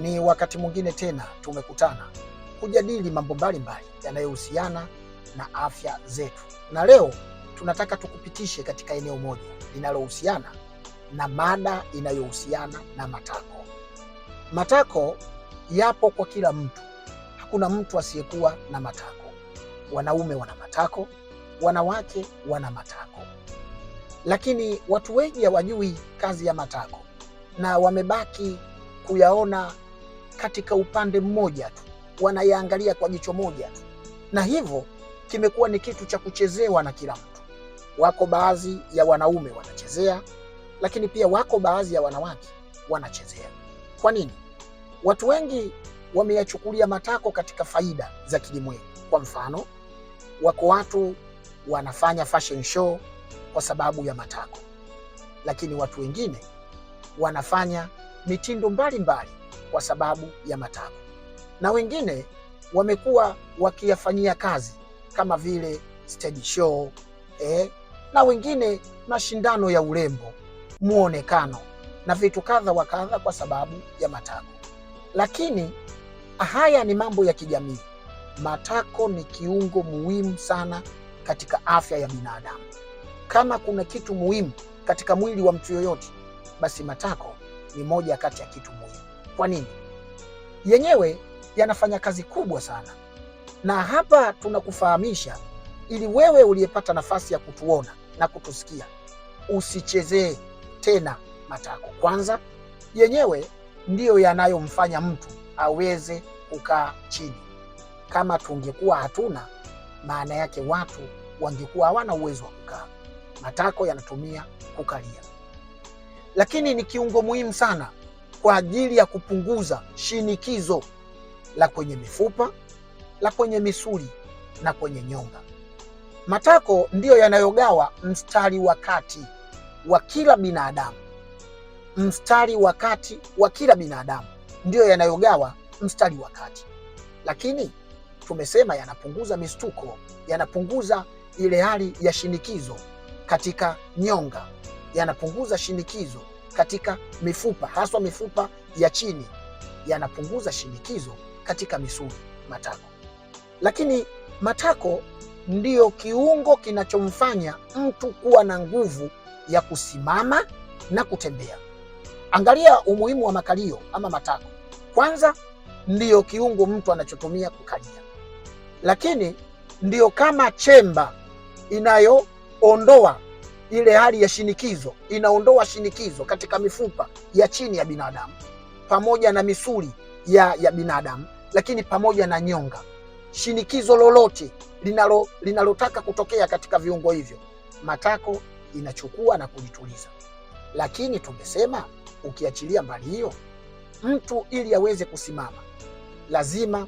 Ni wakati mwingine tena tumekutana kujadili mambo mbalimbali yanayohusiana na afya zetu, na leo tunataka tukupitishe katika eneo moja linalohusiana na mada inayohusiana na matako. Matako yapo kwa kila mtu, hakuna mtu asiyekuwa na matako. Wanaume wana matako, wanawake wana matako, lakini watu wengi hawajui kazi ya matako na wamebaki kuyaona katika upande mmoja tu, wanayaangalia kwa jicho moja tu, na hivyo kimekuwa ni kitu cha kuchezewa na kila mtu. Wako baadhi ya wanaume wanachezea, lakini pia wako baadhi ya wanawake wanachezea. Kwa nini? Watu wengi wameyachukulia matako katika faida za kilimwengu. Kwa mfano, wako watu wanafanya fashion show kwa sababu ya matako, lakini watu wengine wanafanya mitindo mbalimbali mbali kwa sababu ya matakwa, na wengine wamekuwa wakiyafanyia kazi kama vile stage show eh, na wengine mashindano ya urembo, muonekano na vitu kadha wa kadha kwa sababu ya matako. Lakini haya ni mambo ya kijamii. Matako ni kiungo muhimu sana katika afya ya binadamu. Kama kuna kitu muhimu katika mwili wa mtu yoyote, basi matako ni moja kati ya kitu muhimu. Kwa nini? Yenyewe yanafanya kazi kubwa sana, na hapa tunakufahamisha ili wewe uliyepata nafasi ya kutuona na kutusikia usichezee tena matako. Kwanza, yenyewe ndiyo yanayomfanya mtu aweze kukaa chini. Kama tungekuwa hatuna, maana yake watu wangekuwa hawana uwezo wa kukaa. Matako yanatumia kukalia, lakini ni kiungo muhimu sana kwa ajili ya kupunguza shinikizo la kwenye mifupa, la kwenye misuli na kwenye nyonga. Matako ndiyo yanayogawa mstari wa kati wa kila binadamu. Mstari wa kati wa kila binadamu ndiyo yanayogawa mstari wa kati, lakini tumesema yanapunguza mistuko, yanapunguza ile hali ya shinikizo katika nyonga, yanapunguza shinikizo katika mifupa, haswa mifupa ya chini, yanapunguza shinikizo katika misuli matako. Lakini matako ndiyo kiungo kinachomfanya mtu kuwa na nguvu ya kusimama na kutembea. Angalia umuhimu wa makalio ama matako. Kwanza ndiyo kiungo mtu anachotumia kukalia, lakini ndiyo kama chemba inayoondoa ile hali ya shinikizo, inaondoa shinikizo katika mifupa ya chini ya binadamu pamoja na misuli ya, ya binadamu, lakini pamoja na nyonga. Shinikizo lolote linalo linalotaka kutokea katika viungo hivyo matako inachukua na kulituliza. Lakini tumesema ukiachilia mbali hiyo, mtu ili aweze kusimama lazima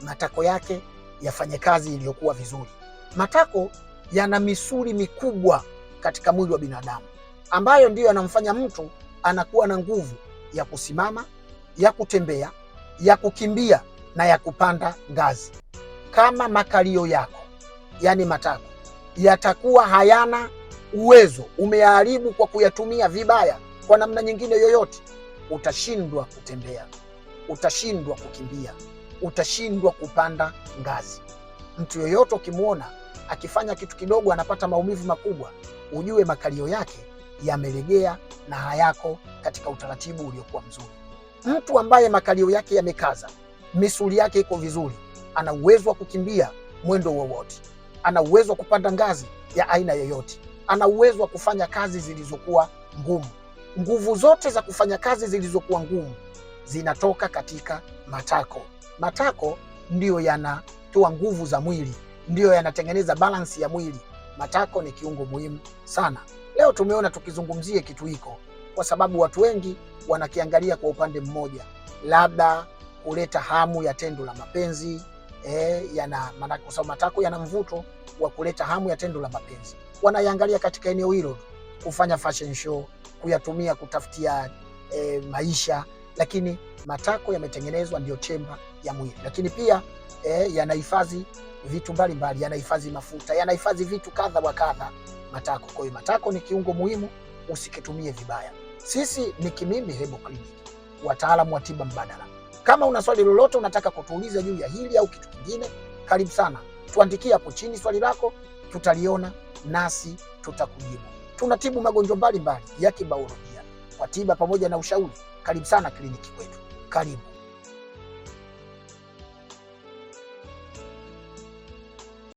matako yake yafanye kazi iliyokuwa vizuri. Matako yana misuli mikubwa katika mwili wa binadamu ambayo ndiyo yanamfanya mtu anakuwa na nguvu ya kusimama, ya kutembea, ya kukimbia na ya kupanda ngazi. Kama makalio yako, yani matako, yatakuwa hayana uwezo, umeyaharibu kwa kuyatumia vibaya kwa namna nyingine yoyote, utashindwa kutembea, utashindwa kukimbia, utashindwa kupanda ngazi. Mtu yoyote ukimwona akifanya kitu kidogo anapata maumivu makubwa, ujue makalio yake yamelegea na hayako katika utaratibu uliokuwa mzuri. Mtu ambaye makalio yake yamekaza, misuli yake iko vizuri, ana uwezo wa kukimbia mwendo wowote, ana uwezo wa kupanda ngazi ya aina yoyote, ana uwezo wa kufanya kazi zilizokuwa ngumu. Nguvu zote za kufanya kazi zilizokuwa ngumu zinatoka katika matako. Matako ndiyo yanatoa nguvu za mwili ndiyo yanatengeneza balansi ya mwili. Matako ni kiungo muhimu sana. Leo tumeona tukizungumzie kitu hiko, kwa sababu watu wengi wanakiangalia kwa upande mmoja, labda kuleta hamu ya tendo la mapenzi eh, yana maana, kwa sababu matako yana mvuto wa kuleta hamu ya tendo la mapenzi. Wanaiangalia katika eneo hilo, kufanya fashion show, kuyatumia kutafutia eh, maisha lakini matako yametengenezwa ndiyo chemba ya mwili, lakini pia eh, yanahifadhi vitu mbalimbali, yanahifadhi mafuta, yanahifadhi vitu kadha wa kadha matako. Kwa hiyo matako ni kiungo muhimu, usikitumie vibaya. Sisi ni Kimimbi Herbal Clinic, wataalamu wa tiba mbadala. Kama una swali lolote unataka kutuuliza juu ya hili au kitu kingine, karibu sana, tuandikie hapo chini swali lako, tutaliona nasi tutakujibu. Tunatibu magonjwa mbalimbali ya kibaolojia kwa tiba pamoja na ushauri. Karibu sana kliniki kwetu, karibu.